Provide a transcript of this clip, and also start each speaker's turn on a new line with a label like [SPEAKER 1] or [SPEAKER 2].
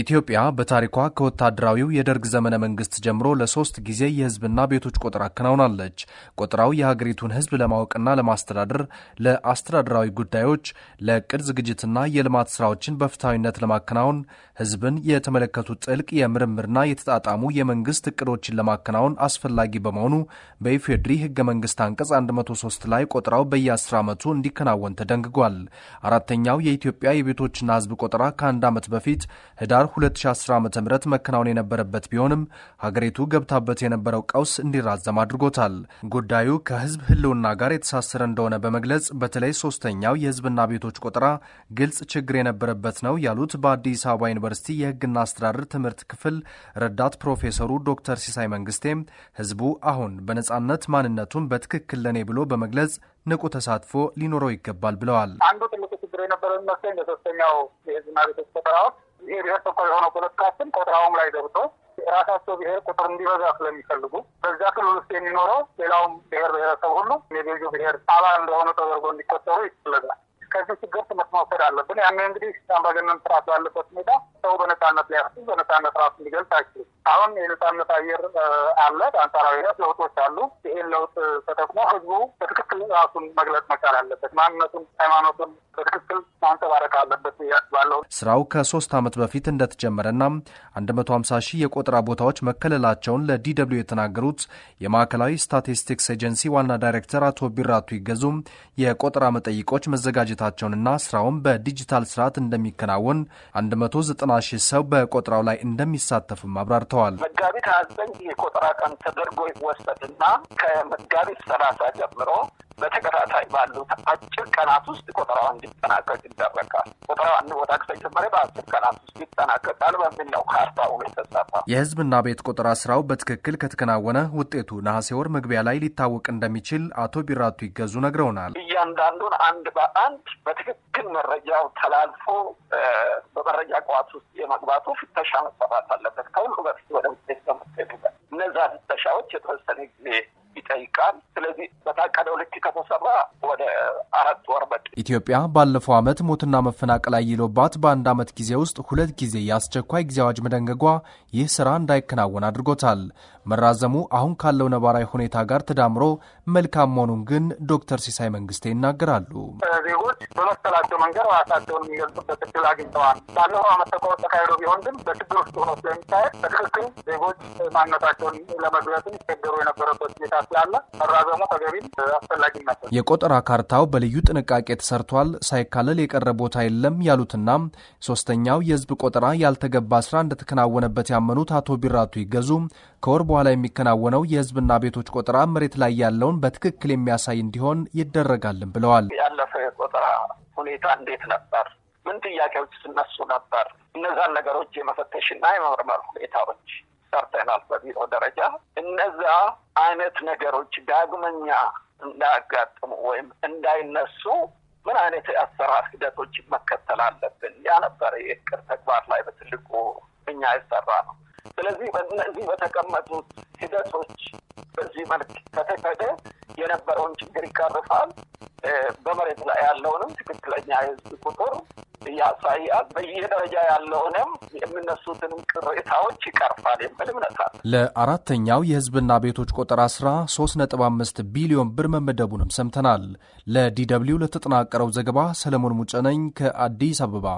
[SPEAKER 1] ኢትዮጵያ በታሪኳ ከወታደራዊው የደርግ ዘመነ መንግስት ጀምሮ ለሶስት ጊዜ የህዝብና ቤቶች ቆጠራ አከናውናለች። ቆጠራው የሀገሪቱን ህዝብ ለማወቅና ለማስተዳደር፣ ለአስተዳደራዊ ጉዳዮች፣ ለእቅድ ዝግጅትና የልማት ስራዎችን በፍትሐዊነት ለማከናወን፣ ህዝብን የተመለከቱ ጥልቅ የምርምርና የተጣጣሙ የመንግስት እቅዶችን ለማከናወን አስፈላጊ በመሆኑ በኢፌድሪ ህገ መንግስት አንቀጽ 103 ላይ ቆጠራው በየ ዓመቱ እንዲከናወን ተደንግጓል። አራተኛው የኢትዮጵያ የቤቶችና ህዝብ ቆጠራ ከአንድ ዓመት በፊት ህዳር ህዳር 2010 ዓ ም መከናወን የነበረበት ቢሆንም ሀገሪቱ ገብታበት የነበረው ቀውስ እንዲራዘም አድርጎታል። ጉዳዩ ከህዝብ ህልውና ጋር የተሳሰረ እንደሆነ በመግለጽ በተለይ ሶስተኛው የህዝብና ቤቶች ቆጠራ ግልጽ ችግር የነበረበት ነው ያሉት በአዲስ አበባ ዩኒቨርሲቲ የህግና አስተዳደር ትምህርት ክፍል ረዳት ፕሮፌሰሩ ዶክተር ሲሳይ መንግስቴም ህዝቡ አሁን በነጻነት ማንነቱን በትክክል ለኔ ብሎ በመግለጽ ንቁ ተሳትፎ ሊኖረው ይገባል ብለዋል።
[SPEAKER 2] አንዱ ትልቁ ችግር የነበረው የሚመስለኝ በሶስተኛው የህዝብና ቤቶች ቆጠራ የብሔር ተኮር የሆነ ፖለቲካችን ቆጠራውም ላይ ገብቶ የራሳቸው ብሔር ቁጥር እንዲበዛ ስለሚፈልጉ በዛ ክልል ውስጥ የሚኖረው ሌላውም ብሔር ብሔረሰብ ሁሉ የገዢ ብሔር አባል እንደሆነ ተደርጎ እንዲቆጠሩ ይፈለጋል። ከዚህ ችግር ትምህርት መውሰድ አለብን። ያኔ እንግዲህ አምባገነን ስርዓት ባለበት ሁኔታ ሰው በነፃነት ሊያስብ በነፃነት ራሱ ሊገልጽ አይችልም። አሁን የነጻነት አየር አለ። በአንጻራዊነት ለውጦች አሉ። ይህን ለውጥ ተጠቅሞ ህዝቡ በትክክል ራሱን መግለጽ መቻል
[SPEAKER 1] አለበት። ማንነቱን፣ ሃይማኖቱን በትክክል ማንጸባረቅ አለበት ያስባለሁ። ስራው ከሶስት ዓመት በፊት እንደተጀመረና አንድ መቶ ሀምሳ ሺህ የቆጠራ ቦታዎች መከለላቸውን ለዲደብሊው የተናገሩት የማዕከላዊ ስታቲስቲክስ ኤጀንሲ ዋና ዳይሬክተር አቶ ቢራቱ ይገዙም የቆጠራ መጠይቆች መዘጋጀታቸውንና ስራውን በዲጂታል ስርዓት እንደሚከናወን አንድ መቶ ዘጠና ሺህ ሰው በቆጠራው ላይ እንደሚሳተፍም አብራርተዋል። ሰጥተዋል።
[SPEAKER 3] መጋቢት ሀዘን የቆጠራ ቀን ተደርጎ ይወሰድና ከመጋቢት ሰላሳ ጀምሮ በተከታታይ ባሉት አጭር ቀናት ውስጥ ቆጠራው እንዲጠናቀቅ ይደረጋል። ቆጠራው አንድ ቦታ ከተጀመረ በአጭር ቀናት ውስጥ ይጠናቀቃል በሚል ነው ካርታውን የተጻፈው።
[SPEAKER 1] የህዝብና ቤት ቆጠራ ስራው በትክክል ከተከናወነ ውጤቱ ነሐሴ ወር መግቢያ ላይ ሊታወቅ እንደሚችል አቶ ቢራቱ ይገዙ ነግረውናል።
[SPEAKER 3] እያንዳንዱን አንድ በአንድ በትክክል መረጃው ተላልፎ በመረጃ ቋት ውስጥ የመግባቱ ፍተሻ መሰራት አለበት። ከሁሉ በፊት ወደ ውጤት ከመሄዱ እነዛ ፍተሻዎች የተወሰነ ጊዜ ይጠይቃል። ስለዚህ በታቀደው ልክ
[SPEAKER 1] ከተሰራ ወደ አራት ወር መድ ኢትዮጵያ ባለፈው ዓመት ሞትና መፈናቀል አይሎባት በአንድ ዓመት ጊዜ ውስጥ ሁለት ጊዜ የአስቸኳይ ጊዜ አዋጅ መደንገጓ ይህ ስራ እንዳይከናወን አድርጎታል። መራዘሙ አሁን ካለው ነባራዊ ሁኔታ ጋር ተዳምሮ መልካም መሆኑን ግን ዶክተር ሲሳይ መንግስቴ ይናገራሉ።
[SPEAKER 2] ዜጎች በመሰላቸው መንገድ ራሳቸውን የሚገልጹበት እድል አግኝተዋል። ባለፈው ዓመት ተቆር ተካሂዶ ቢሆን ግን በችግር ውስጥ ሆኖ ስለሚታየት በትክክል ዜጎች ማንነታቸውን ለመግለጽ ይቸገሩ የነበረበት ሁኔታ ስላለ መራዘ ደግሞ ተገቢም አስፈላጊ
[SPEAKER 1] የቆጠራ ካርታው በልዩ ጥንቃቄ ተሰርቷል፣ ሳይካለል የቀረ ቦታ የለም ያሉትና ሶስተኛው የህዝብ ቆጠራ ያልተገባ ስራ እንደተከናወነበት ያመኑት አቶ ቢራቱ ይገዙ ከወር በኋላ የሚከናወነው የህዝብና ቤቶች ቆጠራ መሬት ላይ ያለውን በትክክል የሚያሳይ እንዲሆን ይደረጋልም ብለዋል።
[SPEAKER 2] ያለፈው
[SPEAKER 3] የቆጠራ ሁኔታ እንዴት ነበር? ምን ጥያቄዎች ስነሱ ነበር? እነዛን ነገሮች የመፈተሽና የመመርመር ሁኔታዎች ሰርተናል በቢሮ ደረጃ እነዛ አይነት ነገሮች ዳግመኛ እንዳያጋጥሙ ወይም እንዳይነሱ ምን አይነት የአሰራር ሂደቶች መከተል አለብን? ያ ነበር የእቅድ ተግባር ላይ በትልቁ እኛ የሰራ ነው። ስለዚህ በእነዚህ በተቀመጡት ሂደቶች በዚህ መልክ ከተከደ የነበረውን ችግር ይቀርፋል። በመሬት ላይ ያለውንም ትክክለኛ የህዝብ ቁጥር ያሳያል። በየደረጃ ያለውንም የሚነሱትንም ቅሬታዎች ይቀርፋል የሚል እምነት አለ።
[SPEAKER 1] ለአራተኛው የህዝብና ቤቶች ቆጠራ ስራ ሶስት ነጥብ አምስት ቢሊዮን ብር መመደቡንም ሰምተናል። ለዲ ደብልዩ ለተጠናቀረው ዘገባ ሰለሞን ሙጨነኝ ከአዲስ አበባ